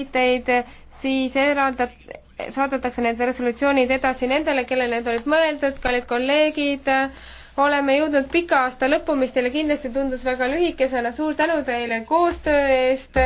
viiteid, siis eraldat-, saadetakse need resolutsioonid edasi nendele, kellele need olid mõeldud, kallid kolleegid, oleme jõudnud pika aasta lõppu, mis teile kindlasti tundus väga lühikesena, suur tänu teile koostöö eest!